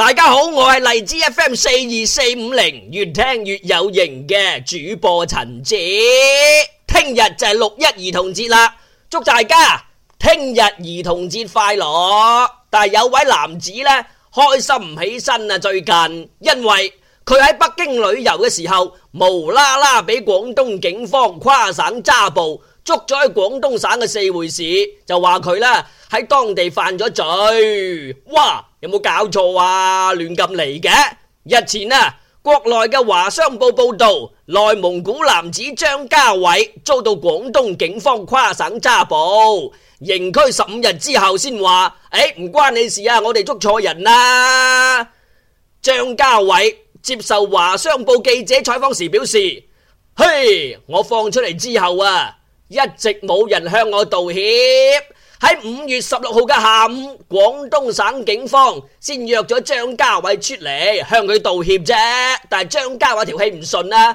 大家好，我係荔枝 FM 四二四五零，越聽越有型嘅主播陳志。聽日就係六一兒童節啦，祝大家聽日兒童節快樂。但係有位男子呢，開心唔起身啊！最近，因為佢喺北京旅遊嘅時候，無啦啦俾廣東警方跨省抓捕，捉咗喺廣東省嘅四會市，就話佢呢喺當地犯咗罪。哇！有冇搞錯啊？亂咁嚟嘅！日前啊，國內嘅華商報報道，內蒙古男子張家偉遭到廣東警方跨省抓捕，刑拘十五日之後，先話：誒，唔關你事啊，我哋捉錯人啦！張家偉接受華商報記者採訪時表示：嘿，我放出嚟之後啊，一直冇人向我道歉。喺五月十六號嘅下午，廣東省警方先約咗張家偉出嚟，向佢道歉啫，但係張家偉條氣唔順啦。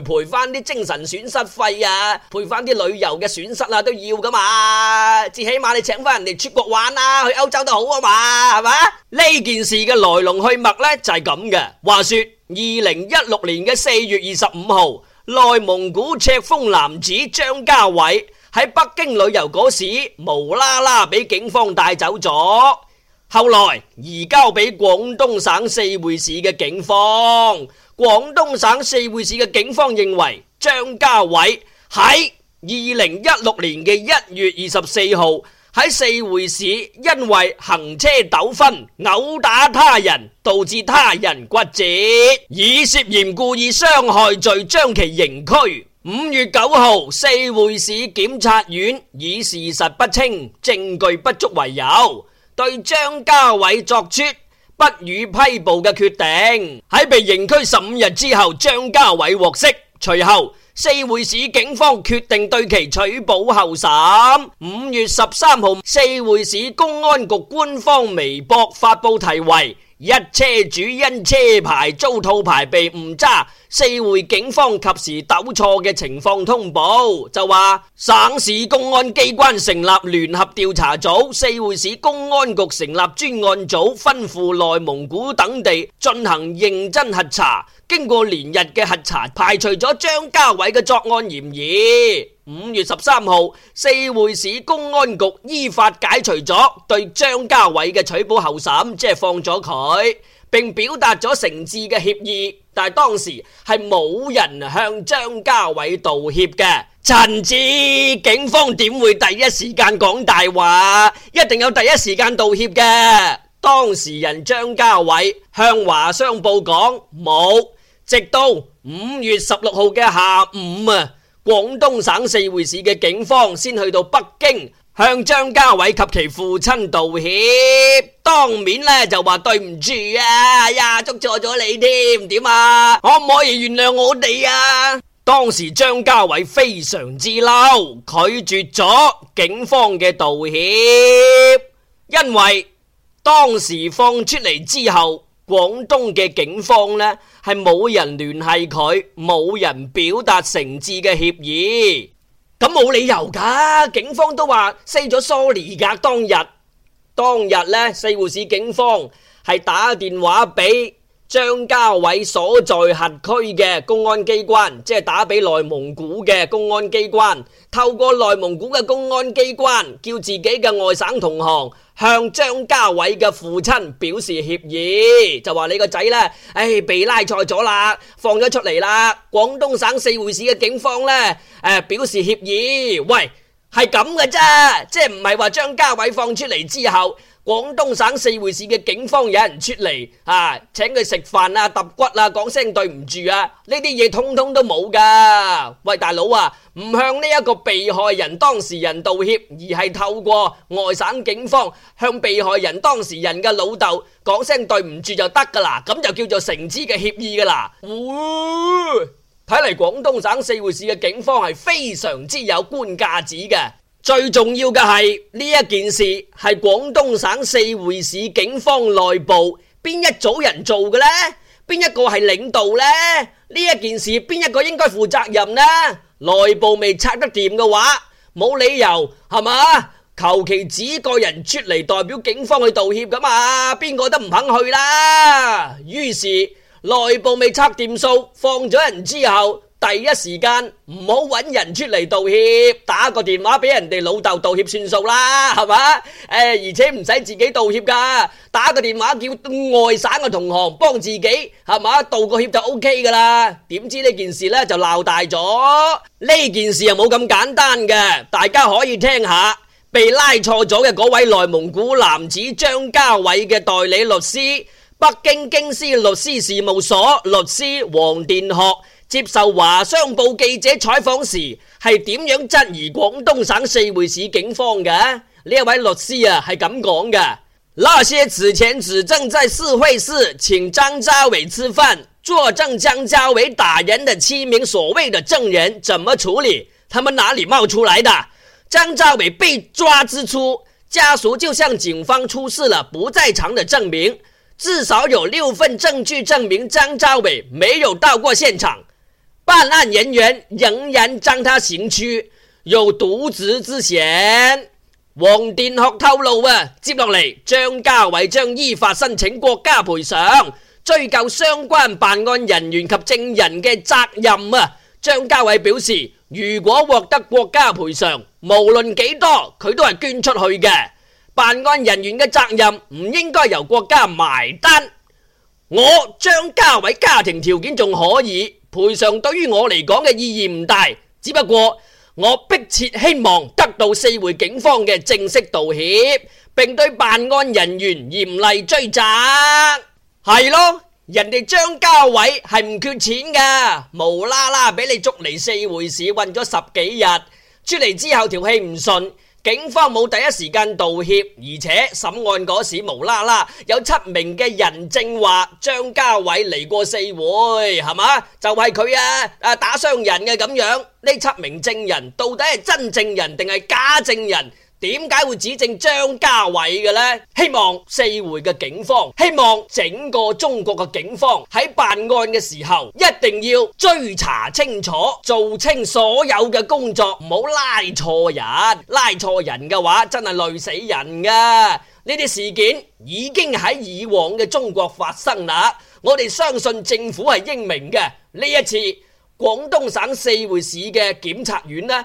賠賠翻啲精神損失費啊！賠翻啲旅遊嘅損失啊，都要噶嘛。至起碼你請翻人哋出國玩啊，去歐洲都好啊嘛，係嘛？呢件事嘅來龍去脈呢，就係咁嘅。話說二零一六年嘅四月二十五號，內蒙古赤峰男子張家偉喺北京旅遊嗰時，無啦啦俾警方帶走咗，後來移交俾廣東省四會市嘅警方。廣東省四會市嘅警方認為，張家偉喺二零一六年嘅一月二十四號喺四會市因為行車糾紛毆打他人，導致他人骨折，以涉嫌故意傷害罪將其刑拘。五月九號，四會市檢察院以事實不清、證據不足為由，對張家偉作出不予批捕嘅決定。喺被刑拘十五日之後，張家偉獲釋。隨後，四會市警方決定對其取保候審。五月十三號，四會市公安局官方微博發佈題為。一車主因車牌遭套牌被誤揸，四會警方及時糾錯嘅情況通報，就話省市公安機關成立聯合調查組，四會市公安局成立專案組，分赴內蒙古等地進行認真核查。經過連日嘅核查，排除咗張家偉嘅作案嫌疑。五月十三號，四會市公安局依法解除咗對張家偉嘅取保候審，即係放咗佢，並表達咗誠摯嘅歉意。但係當時係冇人向張家偉道歉嘅。陳志，警方點會第一時間講大話？一定有第一時間道歉嘅。當事人張家偉向華商報講冇。直到五月十六號嘅下午啊，廣東省四會市嘅警方先去到北京，向張家偉及其父親道歉，當面呢就話對唔住啊，呀捉錯咗你添，點啊？可唔可以原諒我哋啊？當時張家偉非常之嬲，拒絕咗警方嘅道歉，因為當時放出嚟之後。廣東嘅警方呢，係冇人聯繫佢，冇人表達誠摯嘅協議，咁冇理由噶。警方都話 say 咗 sorry 噶，當日當日呢，四護市警方係打電話俾。張家偉所在轄區嘅公安機關，即係打俾內蒙古嘅公安機關，透過內蒙古嘅公安機關，叫自己嘅外省同行向張家偉嘅父親表示歉意，就話你個仔呢，唉，哎，被拉錯咗啦，放咗出嚟啦。廣東省四會市嘅警方呢，呃，表示歉意。喂。係咁嘅啫，即係唔係話張家偉放出嚟之後，廣東省四會市嘅警方有人出嚟啊，請佢食飯啦、啊、揼骨啦、啊、講聲對唔住啊，呢啲嘢通通都冇噶。喂，大佬啊，唔向呢一個被害人當事人道歉，而係透過外省警方向被害人當事人嘅老豆講聲對唔住就得噶啦，咁就叫做誠摯嘅歉意噶啦。哦。睇嚟廣東省四會市嘅警方係非常之有官架子嘅。最重要嘅係呢一件事係廣東省四會市警方內部邊一組人做嘅咧？邊一個係領導咧？呢一件事邊一個應該負責任啊？內部未拆得掂嘅話，冇理由係嘛？求其指個人出嚟代表警方去道歉㗎嘛，邊個都唔肯去啦。於是。內部未測掂數，放咗人之後，第一時間唔好揾人出嚟道歉，打個電話畀人哋老豆道歉算數啦，係嘛？誒，而且唔使自己道歉噶，打個電話叫外省嘅同行幫自己，係嘛？道個歉就 OK 噶啦。點知呢件事呢，就鬧大咗。呢件事又冇咁簡單嘅，大家可以聽下被拉錯咗嘅嗰位內蒙古男子張家偉嘅代理律師。北京京師律師事務所律師王殿學接受華商報記者採訪時，係點樣質疑廣東省四會市警方嘅呢位律師啊，係咁講嘅：那些此前指證在四會市請張家偉吃飯、作證張家偉打人的七名所謂的證人，怎麼處理？他們哪裏冒出來的？張家偉被抓之初，家屬就向警方出示了不在場的證明。至少有六份證據證明張家偉沒有到過現場，辦案人員仍然將他刑拘，有瀆職之嫌。黃電學透露啊，接落嚟張家偉將依法申請國家賠償，追究相關辦案人員及證人嘅責任啊。張家偉表示，如果獲得國家賠償，無論幾多，佢都係捐出去嘅。辦案人員嘅責任唔應該由國家埋單。我張家偉家庭條件仲可以，賠償對於我嚟講嘅意義唔大，只不過我迫切希望得到四會警方嘅正式道歉，並對辦案人員嚴厲追責。係咯，人哋張家偉係唔缺錢噶，無啦啦俾你捉嚟四會市困咗十幾日，出嚟之後條氣唔順。警方冇第一時間道歉，而且審案嗰時無啦啦有七名嘅人證話張家偉嚟過四會係嘛？就係、是、佢啊！打傷人嘅，咁樣呢七名證人到底係真證人定係假證人？點解會指證張家偉嘅呢？希望四會嘅警方，希望整個中國嘅警方喺辦案嘅時候，一定要追查清楚，做清所有嘅工作，唔好拉錯人。拉錯人嘅話，真係累死人㗎。呢啲事件已經喺以往嘅中國發生啦。我哋相信政府係英明嘅，呢一次廣東省四會市嘅檢察院呢？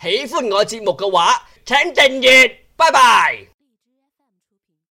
喜歡我的節目嘅話，請訂閱，拜拜。